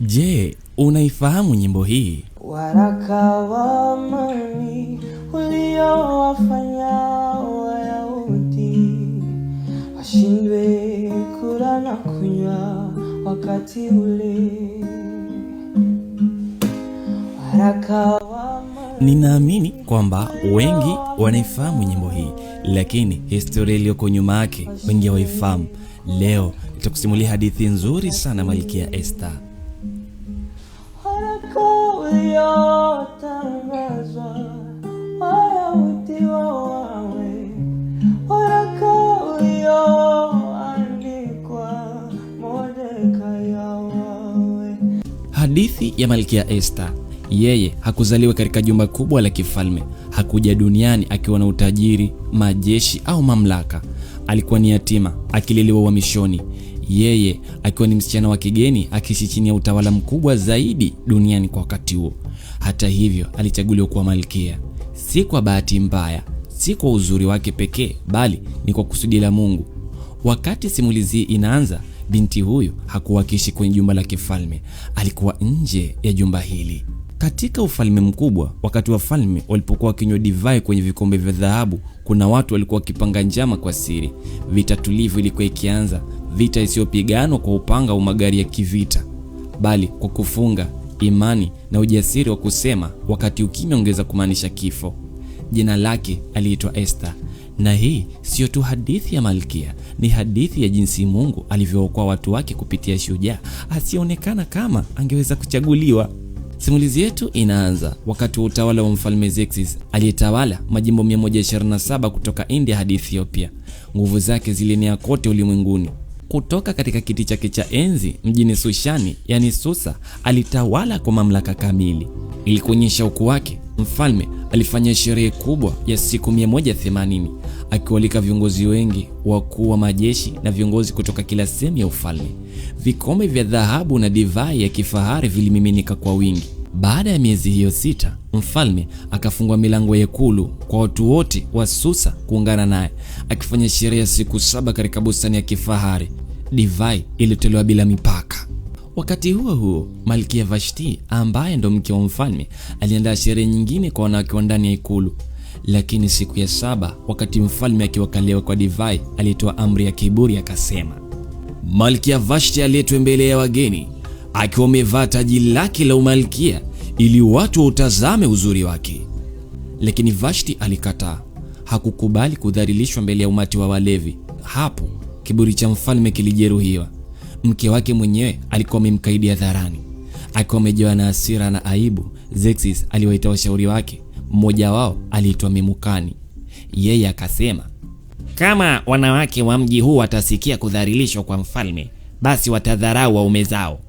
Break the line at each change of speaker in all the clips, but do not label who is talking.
Je, unaifahamu nyimbo hii?
Waraka wa amani uliowafanya Wayahudi washindwe kula na kunywa wakati ule. Waraka wa
Ninaamini kwamba wengi wanaifahamu nyimbo hii, lakini historia iliyoko nyuma yake wengi hawaifahamu. Leo nitakusimulia hadithi nzuri sana Malkia Esther uliotangazwa wala utiwa waraka ulioandikwa Mordekai Hadithi ya Malkia Esta. Yeye hakuzaliwa katika jumba kubwa la kifalme, hakuja duniani akiwa na utajiri, majeshi au mamlaka. Alikuwa ni yatima akililiwa uhamishoni, yeye akiwa ni msichana wa kigeni akiishi chini ya utawala mkubwa zaidi duniani kwa wakati huo. Hata hivyo, alichaguliwa kuwa malkia, si kwa bahati mbaya, si kwa uzuri wake pekee, bali ni kwa kusudi la Mungu. Wakati simulizi inaanza, binti huyu hakuwa akiishi kwenye jumba la kifalme, alikuwa nje ya jumba hili. Katika ufalme mkubwa, wakati wafalme walipokuwa wakinywa divai kwenye vikombe vya dhahabu, kuna watu walikuwa wakipanga njama kwa siri. Vita tulivu ilikuwa ikianza, vita isiyopiganwa kwa upanga au magari ya kivita, bali kwa kufunga, imani na ujasiri wa kusema wakati ukimya ungeweza kumaanisha kifo. Jina lake aliitwa Esther, na hii siyo tu hadithi ya malkia, ni hadithi ya jinsi Mungu alivyookoa watu wake kupitia shujaa asiyeonekana kama angeweza kuchaguliwa. Simulizi yetu inaanza wakati wa utawala wa mfalme Xerxes aliyetawala majimbo 127 kutoka India hadi Ethiopia. Nguvu zake zilienea kote ulimwenguni, kutoka katika kiti chake cha enzi mjini Sushani, yani Susa, alitawala kwa mamlaka kamili. Ili kuonyesha ukuu wake, mfalme alifanya sherehe kubwa ya siku 180 akiwalika viongozi wengi, wakuu wa majeshi na viongozi kutoka kila sehemu ya ufalme. Vikombe vya dhahabu na divai ya kifahari vilimiminika kwa wingi. Baada ya miezi hiyo sita, mfalme akafungua milango ya ikulu kwa watu wote wa Susa kuungana naye, akifanya sherehe ya siku saba katika bustani ya kifahari divai iliyotolewa bila mipaka. Wakati huo huo, Malkia Vashti ambaye ndo mke wa mfalme aliandaa sherehe nyingine kwa wanawake wa ndani ya ikulu. Lakini siku ya saba, wakati mfalme akiwakalewa kwa divai, alitoa amri ya kiburi akasema, Malkia Vashti aletwe mbele ya wageni akiwa amevaa taji lake la umalkia ili watu wautazame uzuri wake. Lakini Vashti alikataa, hakukubali kudhalilishwa mbele ya umati wa walevi. Hapo kiburi cha mfalme kilijeruhiwa. Mke wake mwenyewe alikuwa amemkaidi hadharani. Akiwa amejawa na hasira na aibu, Xerxes aliwaita washauri wake. Mmoja wao aliitwa Memukani. Yeye akasema, kama wanawake wa mji huu watasikia kudhalilishwa kwa mfalme, basi watadharau waume zao.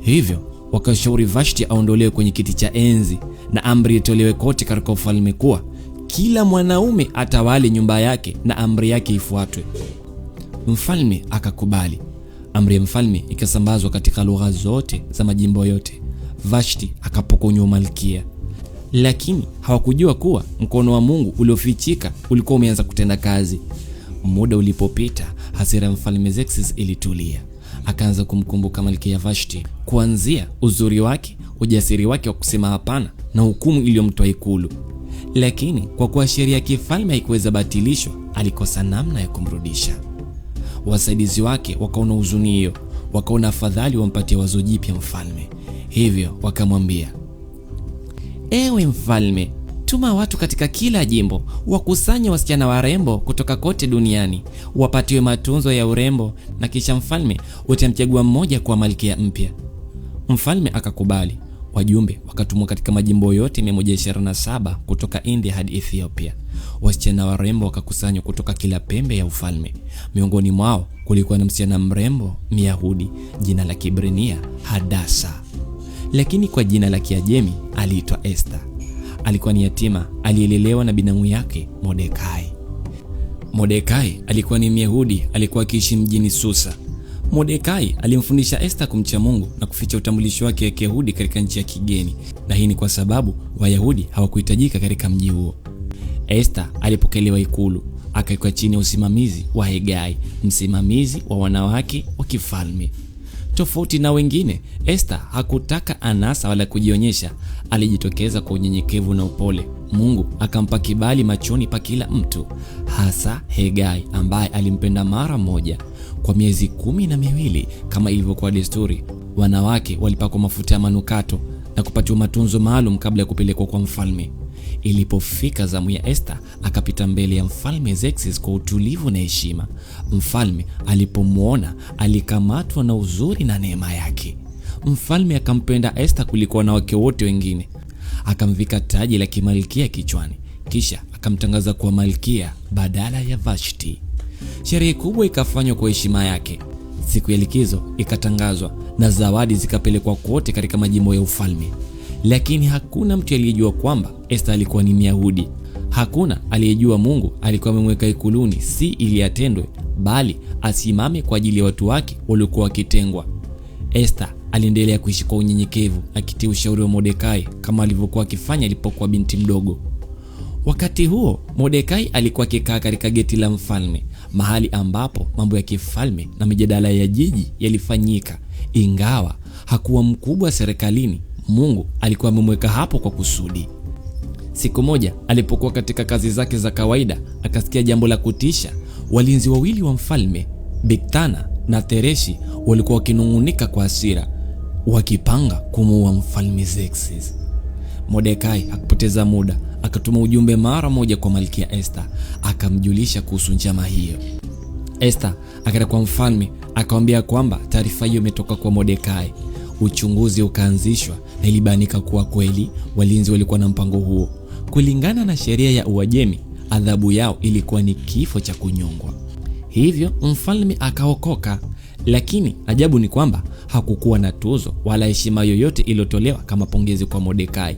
Hivyo wakashauri Vashti aondolewe kwenye kiti cha enzi na amri itolewe kote katika ufalme kuwa kila mwanaume atawale nyumba yake na amri yake ifuatwe. Mfalme akakubali. Amri ya mfalme ikasambazwa katika lugha zote za majimbo yote. Vashti akapokonywa malkia, lakini hawakujua kuwa mkono wa Mungu uliofichika ulikuwa umeanza kutenda kazi. Muda ulipopita, hasira ya mfalme Xerxes ilitulia. Akaanza kumkumbuka malkia Vashti, kuanzia uzuri wake, ujasiri wake wa kusema hapana na hukumu iliyomtoa ikulu. Lakini kwa kuwa sheria ya kifalme haikuweza batilishwa, alikosa namna ya kumrudisha wasaidizi wake wakaona huzuni hiyo, wakaona afadhali wampatie wazo jipya mfalme. Hivyo wakamwambia, ewe mfalme, tuma watu katika kila jimbo wakusanye wasichana warembo kutoka kote duniani wapatiwe matunzo ya urembo, na kisha mfalme utamchagua mmoja kuwa malkia mpya. Mfalme akakubali. Wajumbe wakatumwa katika majimbo yote 127 kutoka India hadi Ethiopia. Wasichana warembo wakakusanywa kutoka kila pembe ya ufalme. Miongoni mwao kulikuwa na msichana mrembo Myahudi, jina la Kibrania Hadasa, lakini kwa jina la Kiajemi aliitwa Esther. Alikuwa ni yatima aliyelelewa na binamu yake Mordekai. Mordekai alikuwa ni Myahudi, alikuwa akiishi mjini Susa Mordekai alimfundisha Esta kumcha Mungu na kuficha utambulisho wake Kiyahudi katika nchi ya kigeni, na hii ni kwa sababu Wayahudi hawakuhitajika katika mji huo. Esta alipokelewa ikulu, akawekwa chini ya usimamizi wa Hegai, msimamizi wa wanawake wa kifalme. Tofauti na wengine, Esta hakutaka anasa wala kujionyesha. Alijitokeza kwa unyenyekevu na upole. Mungu akampa kibali machoni pa kila mtu, hasa Hegai ambaye alimpenda mara moja kwa miezi kumi na miwili kama ilivyokuwa desturi. Wanawake walipakwa mafuta ya manukato na kupatiwa matunzo maalum kabla ya kupelekwa kwa mfalme. Ilipofika zamu ya Esther, akapita mbele ya mfalme Xerxes kwa utulivu na heshima. Mfalme alipomwona alikamatwa na uzuri na neema yake. Mfalme akampenda Esther kuliko wanawake wote wengine, akamvika taji la kimalkia kichwani, kisha akamtangaza kuwa malkia badala ya Vashti. Sherehe kubwa ikafanywa kwa heshima yake. Siku ya likizo ikatangazwa na zawadi zikapelekwa kote katika majimbo ya ufalme, lakini hakuna mtu aliyejua kwamba Esta alikuwa ni Myahudi. Hakuna aliyejua Mungu alikuwa amemweka ikuluni, si ili atendwe, bali asimame kwa ajili ya watu wake waliokuwa wakitengwa. Esta aliendelea kuishi kwa unyenyekevu, akitii ushauri wa Mordekai kama alivyokuwa akifanya alipokuwa binti mdogo. Wakati huo Mordekai alikuwa akikaa katika geti la mfalme mahali ambapo mambo ya kifalme na mijadala ya jiji yalifanyika. Ingawa hakuwa mkubwa serikalini, Mungu alikuwa amemweka hapo kwa kusudi. Siku moja alipokuwa katika kazi zake za kawaida, akasikia jambo la kutisha. Walinzi wawili wa mfalme, Biktana na Tereshi, walikuwa wakinung'unika kwa hasira, wakipanga kumuua Mfalme Xerxes. Mordekai hakupoteza muda, akatuma ujumbe mara moja kwa Malkia Esther, akamjulisha kuhusu njama hiyo. Esther akaenda kwa mfalme, akamwambia kwamba taarifa hiyo imetoka kwa Mordekai. Uchunguzi ukaanzishwa na ilibainika kuwa kweli walinzi walikuwa na mpango huo. Kulingana na sheria ya Uajemi, adhabu yao ilikuwa ni kifo cha kunyongwa. Hivyo mfalme akaokoka, lakini ajabu ni kwamba hakukuwa na tuzo wala heshima yoyote iliyotolewa kama pongezi kwa Mordekai.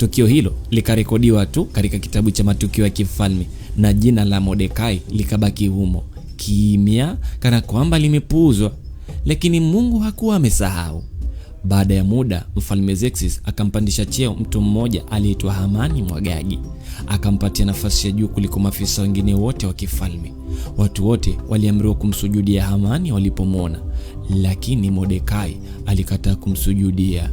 Tukio hilo likarekodiwa tu katika kitabu cha matukio ya kifalme na jina la Mordekai likabaki humo kimya, kana kwamba limepuuzwa. Lakini Mungu hakuwa amesahau. Baada ya muda, mfalme Xerxes akampandisha cheo mtu mmoja aliyeitwa Hamani Mwagagi, akampatia nafasi ya juu kuliko maafisa wengine wote wa kifalme. Watu wote waliamriwa kumsujudia Hamani walipomwona, lakini Mordekai alikataa kumsujudia.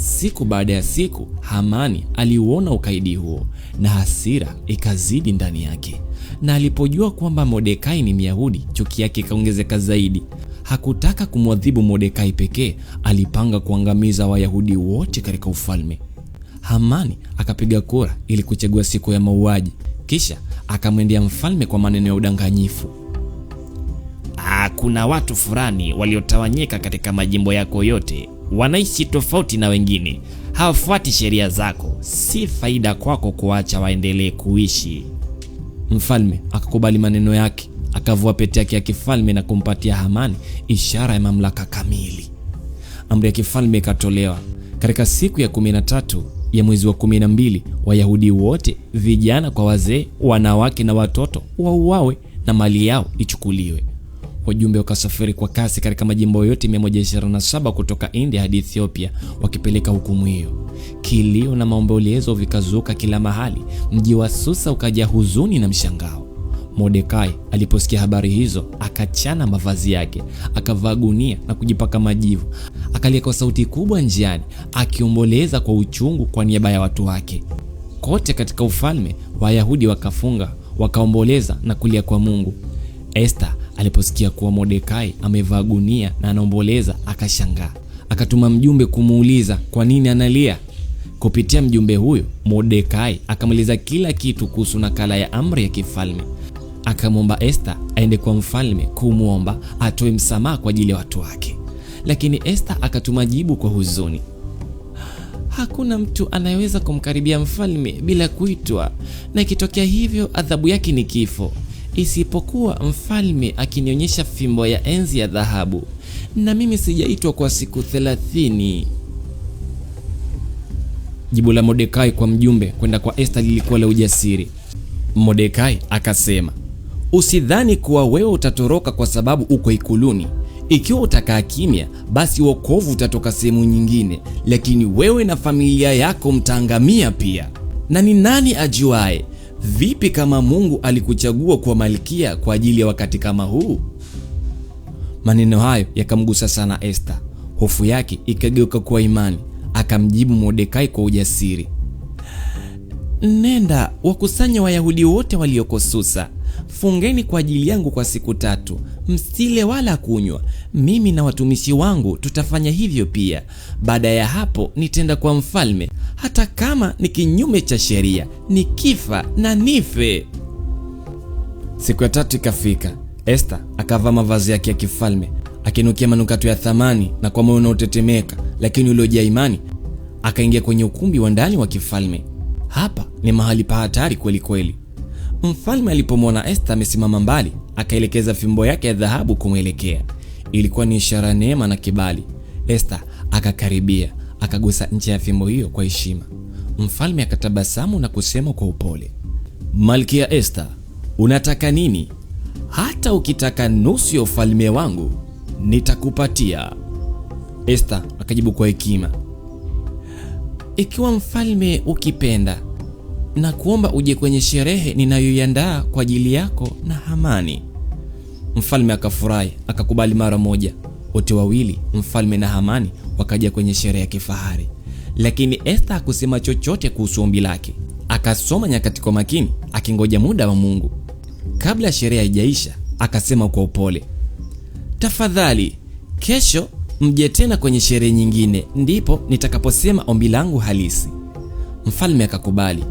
Siku baada ya siku, Hamani aliuona ukaidi huo na hasira ikazidi ndani yake, na alipojua kwamba Mordekai ni Myahudi, chuki yake ikaongezeka zaidi. Hakutaka kumwadhibu Mordekai pekee, alipanga kuangamiza Wayahudi wote katika ufalme. Hamani akapiga kura ili kuchagua siku ya mauaji, kisha akamwendea mfalme kwa maneno ya udanganyifu. Ah, kuna watu fulani waliotawanyika katika majimbo yako yote wanaishi tofauti na wengine, hawafuati sheria zako. Si faida kwako kuacha waendelee kuishi. Mfalme akakubali maneno yake, akavua pete yake ya kifalme na kumpatia Hamani, ishara ya mamlaka kamili. Amri ya kifalme ikatolewa. Katika siku ya kumi na tatu ya mwezi wa kumi na mbili, Wayahudi wote, vijana kwa wazee, wanawake na watoto, wauawe na mali yao ichukuliwe. Ujumbe ukasafiri kwa kasi katika majimbo yote 127 kutoka India hadi Ethiopia wakipeleka hukumu hiyo. Kilio na maombolezo vikazuka kila mahali, mji wa Susa ukajaa huzuni na mshangao. Mordekai aliposikia habari hizo, akachana mavazi yake, akavaa gunia na kujipaka majivu, akalia kwa sauti kubwa njiani, akiomboleza kwa uchungu kwa niaba ya watu wake. Kote katika ufalme Wayahudi wakafunga, wakaomboleza na kulia kwa Mungu. Esther Aliposikia kuwa Mordekai amevaa gunia na anaomboleza, akashangaa. Akatuma mjumbe kumuuliza kwa nini analia. Kupitia mjumbe huyo, Mordekai akamweleza kila kitu kuhusu nakala ya amri ya kifalme. Akamwomba Esther aende kwa mfalme kumwomba atoe msamaha kwa ajili ya watu wake, lakini Esther akatuma jibu kwa huzuni: hakuna mtu anayeweza kumkaribia mfalme bila kuitwa, na ikitokea hivyo adhabu yake ni kifo isipokuwa mfalme akinionyesha fimbo ya enzi ya dhahabu, na mimi sijaitwa kwa siku thelathini. Jibu la Mordekai kwa mjumbe kwenda kwa Esta lilikuwa la ujasiri. Mordekai akasema, usidhani kuwa wewe utatoroka kwa sababu uko ikuluni. Ikiwa utakaa kimya, basi wokovu utatoka sehemu nyingine, lakini wewe na familia yako mtaangamia pia. Na ni nani ajuae Vipi kama Mungu alikuchagua kuwa malkia kwa ajili ya wakati kama huu? Maneno hayo yakamgusa sana Esther, Hofu yake ikageuka kuwa imani. Akamjibu Mordekai kwa ujasiri, nenda wakusanya Wayahudi wote walioko Susa Fungeni kwa ajili yangu kwa siku tatu, msile wala kunywa. Mimi na watumishi wangu tutafanya hivyo pia. Baada ya hapo nitenda kwa mfalme, hata kama ni kinyume cha sheria, nikifa na nife. Siku ya tatu ikafika, Esta akavaa mavazi yake ya kifalme, akinukia manukato ya thamani na kwa moyo unaotetemeka lakini uliojaa imani, akaingia kwenye ukumbi wa ndani wa kifalme. Hapa ni mahali pa hatari kweli kweli. Mfalme alipomwona Esther amesimama mbali, akaelekeza fimbo yake ya dhahabu kumwelekea. Ilikuwa ni ishara ya neema na kibali. Esther akakaribia, akagusa ncha ya fimbo hiyo kwa heshima. Mfalme akatabasamu na kusema kwa upole, Malkia Esther, unataka nini? Hata ukitaka nusu ya ufalme wangu nitakupatia. Esther akajibu kwa hekima, ikiwa mfalme ukipenda na kuomba uje kwenye sherehe ninayoiandaa kwa ajili yako na Hamani. Mfalme akafurahi akakubali mara moja. Wote wawili mfalme na Hamani wakaja kwenye sherehe ya kifahari, lakini Esther hakusema chochote kuhusu ombi lake. Akasoma nyakati kwa makini, akingoja muda wa Mungu. Kabla ya sherehe haijaisha, akasema kwa upole, tafadhali kesho mje tena kwenye sherehe nyingine, ndipo nitakaposema ombi langu halisi. Mfalme akakubali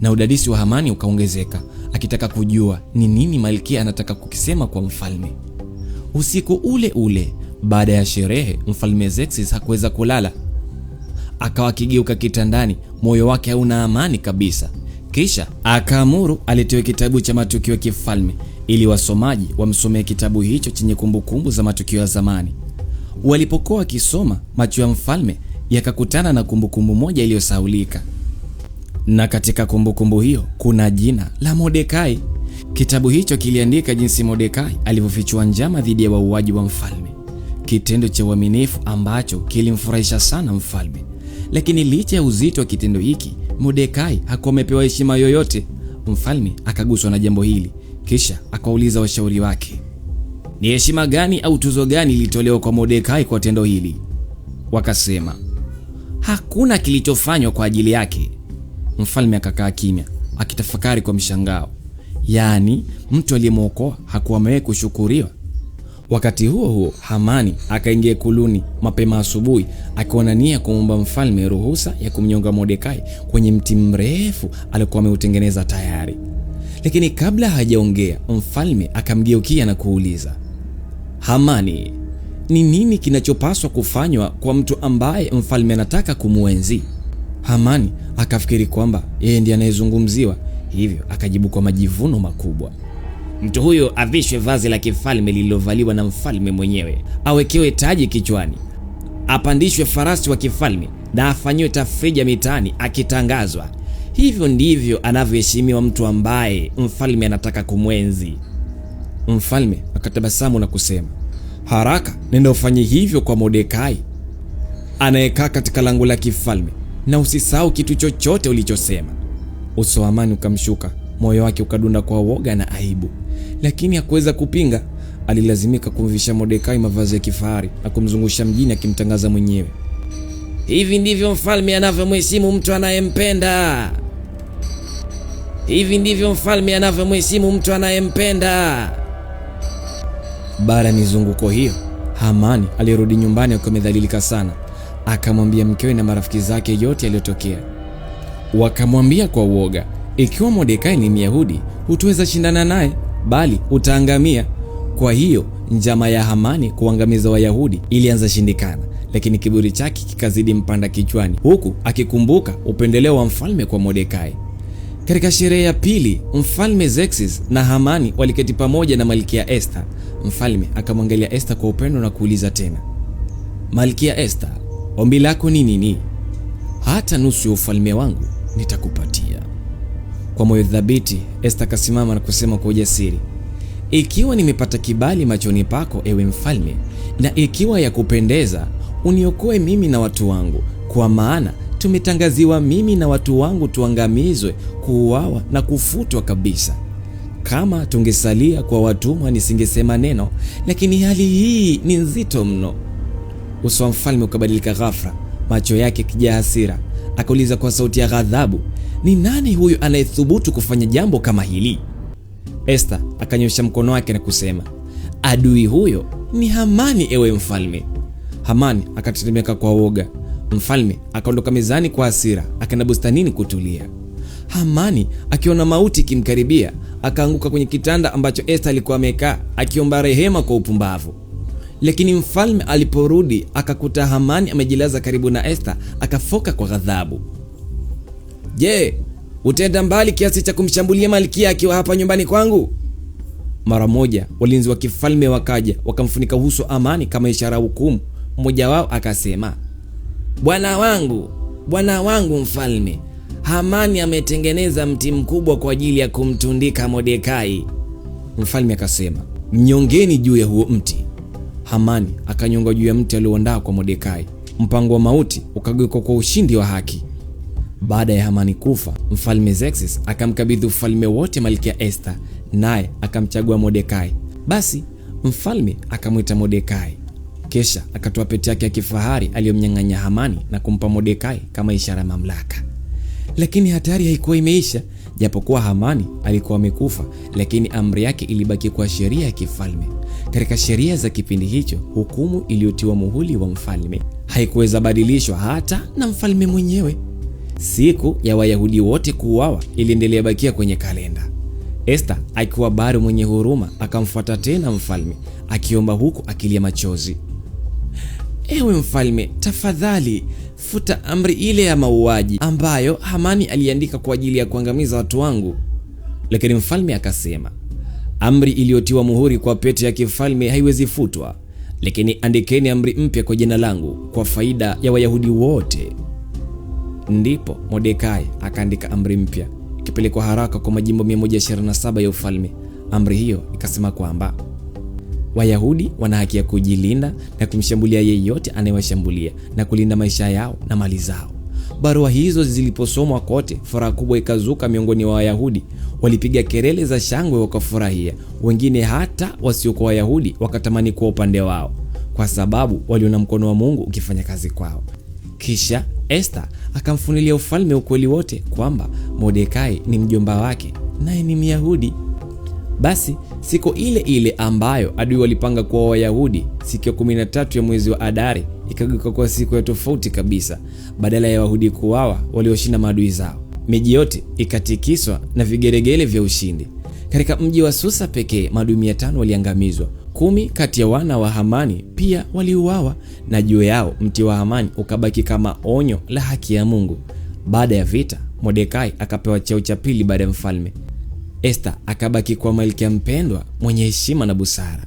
na udadisi wa Hamani ukaongezeka, akitaka kujua ni nini malkia anataka kukisema kwa mfalme. Usiku ule ule baada ya sherehe, mfalme Xerxes hakuweza kulala, akawa akigeuka kitandani, moyo wake hauna amani kabisa. Kisha akaamuru aletewe kitabu cha matukio ya kifalme ili wasomaji wamsomee kitabu hicho chenye kumbukumbu za matukio ya zamani. Walipokuwa wakisoma, macho ya mfalme yakakutana na kumbukumbu moja iliyosahulika na katika kumbukumbu kumbu hiyo kuna jina la Mordekai. Kitabu hicho kiliandika jinsi Mordekai alivyofichua njama dhidi ya wauaji wa mfalme, kitendo cha uaminifu ambacho kilimfurahisha sana mfalme. Lakini licha ya uzito wa kitendo hiki, Mordekai hakuwa amepewa heshima yoyote. Mfalme akaguswa na jambo hili, kisha akawauliza washauri wake, ni heshima gani au tuzo gani ilitolewa kwa Mordekai kwa tendo hili? Wakasema hakuna kilichofanywa kwa ajili yake Mfalme akakaa kimya akitafakari kwa mshangao, yaani mtu aliyemwokoa hakuwa amewee kushukuriwa. Wakati huo huo, Hamani akaingia kuluni mapema asubuhi akiwa nia kumwomba mfalme ruhusa ya kumnyonga modekai kwenye mti mrefu aliokuwa ameutengeneza tayari. Lakini kabla hajaongea, mfalme akamgeukia na kuuliza, Hamani, ni nini kinachopaswa kufanywa kwa mtu ambaye mfalme anataka kumwenzi? Hamani akafikiri kwamba yeye ndiye anayezungumziwa, hivyo akajibu kwa majivuno makubwa, mtu huyo avishwe vazi la kifalme lililovaliwa na mfalme mwenyewe, awekewe taji kichwani, apandishwe farasi wa kifalme na afanyiwe tafrija mitaani akitangazwa. Hivyo ndivyo anavyoheshimiwa mtu ambaye mfalme anataka kumwenzi. Mfalme akatabasamu na kusema, haraka nenda ufanye hivyo kwa Mordekai anayekaa katika lango la kifalme na usisahau kitu chochote ulichosema. Uso wa Amani ukamshuka, moyo wake ukadunda kwa woga na aibu, lakini hakuweza kupinga. Alilazimika kumvisha Mordekai mavazi ya kifahari na kumzungusha mjini akimtangaza mwenyewe. Hivi ndivyo mfalme anavyomheshimu mtu anayempenda. Hivi ndivyo mfalme anavyomheshimu mtu anayempenda. Baada ya mizunguko hiyo, Hamani alirudi nyumbani akiwa amedhalilika sana akamwambia mkewe na marafiki zake yote yaliyotokea. Wakamwambia kwa uoga, ikiwa Mordekai ni Myahudi hutuweza shindana naye, bali utaangamia. Kwa hiyo njama ya Hamani kuangamiza Wayahudi ilianza shindikana, lakini kiburi chake kikazidi mpanda kichwani, huku akikumbuka upendeleo wa mfalme kwa Mordekai. Katika sherehe ya pili, mfalme Xerxes na Hamani waliketi pamoja na malkia Esther. Mfalme akamwangalia Esther kwa upendo na kuuliza tena, Malkia Esther, Ombi lako ni nini? Hata nusu ya ufalme wangu nitakupatia. Kwa moyo thabiti, Esta akasimama na kusema kwa ujasiri, ikiwa nimepata kibali machoni pako, ewe mfalme, na ikiwa ya kupendeza, uniokoe mimi na watu wangu, kwa maana tumetangaziwa mimi na watu wangu tuangamizwe, kuuawa na kufutwa kabisa. Kama tungesalia kwa watumwa, nisingesema neno, lakini hali hii ni nzito mno Uso wa mfalme ukabadilika ghafla, macho yake kijaa hasira. Akauliza kwa sauti ya ghadhabu, ni nani huyu anayethubutu kufanya jambo kama hili? Esta akanyosha mkono wake na kusema, adui huyo ni Hamani, ewe mfalme. Hamani akatetemeka kwa woga. Mfalme akaondoka mezani kwa hasira, akaenda bustanini kutulia. Hamani akiona mauti ikimkaribia, akaanguka kwenye kitanda ambacho Esta alikuwa amekaa, akiomba rehema kwa upumbavu. Lakini mfalme aliporudi akakuta Hamani amejilaza karibu na Esta, akafoka kwa ghadhabu. Je, utaenda mbali kiasi cha kumshambulia malkia akiwa hapa nyumbani kwangu? Mara moja walinzi wa kifalme wakaja, wakamfunika uso Amani kama ishara hukumu. Mmoja wao akasema, bwana wangu, bwana wangu mfalme, Hamani ametengeneza mti mkubwa kwa ajili ya kumtundika Mordekai. Mfalme akasema, mnyongeni juu ya huo mti Hamani akanyongwa juu ya mti alioandaa kwa Mordekai. Mpango wa mauti ukageuka kwa ushindi wa haki. Baada ya Hamani kufa, mfalme Xerxes akamkabidhi ufalme wote malkia Esther, naye akamchagua Mordekai. Basi mfalme akamwita Mordekai, kisha akatoa pete yake ya kifahari aliyomnyang'anya Hamani na kumpa Mordekai kama ishara ya mamlaka. Lakini hatari haikuwa imeisha. Japokuwa Hamani alikuwa amekufa, lakini amri yake ilibaki kuwa sheria ya kifalme. Katika sheria za kipindi hicho, hukumu iliyotiwa muhuri wa mfalme haikuweza badilishwa hata na mfalme mwenyewe. Siku ya Wayahudi wote kuuawa iliendelea bakia kwenye kalenda. Esta akiwa bado mwenye huruma akamfuata tena mfalme akiomba huku akilia machozi, ewe mfalme, tafadhali futa amri ile ya mauaji ambayo Hamani aliandika kwa ajili ya kuangamiza watu wangu. Lakini mfalme akasema, Amri iliyotiwa muhuri kwa pete ya kifalme haiwezi futwa, lakini andikeni amri mpya kwa jina langu kwa faida ya Wayahudi wote. Ndipo Mordekai akaandika amri mpya ikipelekwa haraka kwa majimbo 127 ya ufalme. Amri hiyo ikasema kwamba Wayahudi wana haki ya kujilinda na kumshambulia yeyote anayewashambulia na kulinda maisha yao na mali zao. Barua hizo ziliposomwa kote, furaha kubwa ikazuka miongoni mwa Wayahudi walipiga kelele za shangwe wakafurahia. Wengine hata wasiokuwa Wayahudi wakatamani kuwa upande wao, kwa sababu waliona mkono wa Mungu ukifanya kazi kwao. Kisha Esta akamfunulia ufalme ukweli wote kwamba Mordekai ni mjomba wake naye ni Myahudi. Basi siku ile ile ambayo adui walipanga kuwa Wayahudi, siku ya kumi tatu ya mwezi wa Adari ikageuka kuwa siku ya tofauti kabisa. Badala ya Wayahudi kuuawa, walioshinda maadui zao miji yote ikatikiswa na vigeregele vya ushindi. Katika mji wa Susa pekee maadui mia tano waliangamizwa, kumi kati ya wana wa Hamani pia waliuawa, na juu yao mti wa Hamani ukabaki kama onyo la haki ya Mungu. Baada ya vita, Mordekai akapewa cheo cha pili baada ya mfalme. Esther akabaki kuwa malkia mpendwa mwenye heshima na busara.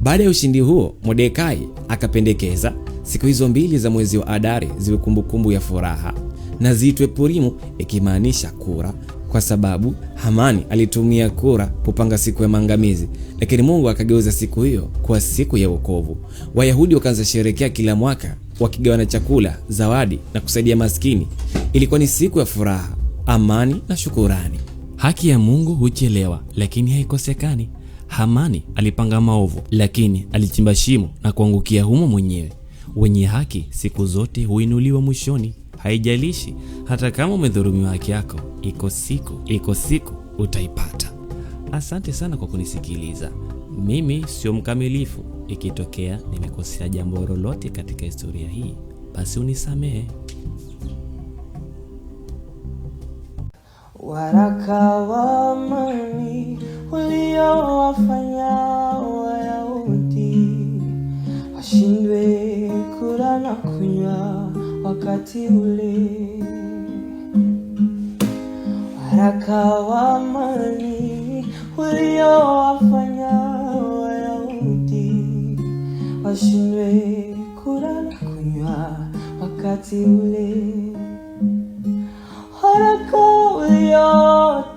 Baada ya ushindi huo, Mordekai akapendekeza siku hizo mbili za mwezi wa Adari ziwe kumbukumbu ya furaha na ziitwe Purimu, ikimaanisha kura, kwa sababu Hamani alitumia kura kupanga siku ya maangamizi, lakini Mungu akageuza siku hiyo kuwa siku ya wokovu. Wayahudi wakaanza sherekea kila mwaka, wakigawana chakula, zawadi na kusaidia maskini. Ilikuwa ni siku ya furaha, amani na shukurani. Haki ya Mungu huchelewa, lakini haikosekani. Hamani alipanga maovu, lakini alichimba shimo na kuangukia humo mwenyewe. Wenye haki siku zote huinuliwa mwishoni. Haijalishi hata kama umedhurumiwa, haki yako iko siku, iko siku utaipata. Asante sana kwa kunisikiliza. Mimi sio mkamilifu. Ikitokea nimekosea jambo lolote katika historia hii, basi unisamehe. Waraka wa mani uliowafanya Wayahudi washindwe kula na kunywa wakati ule, waraka wa amani uliowafanya Wayahudi washindwe kula na kunywa wakati ule, waraka ulio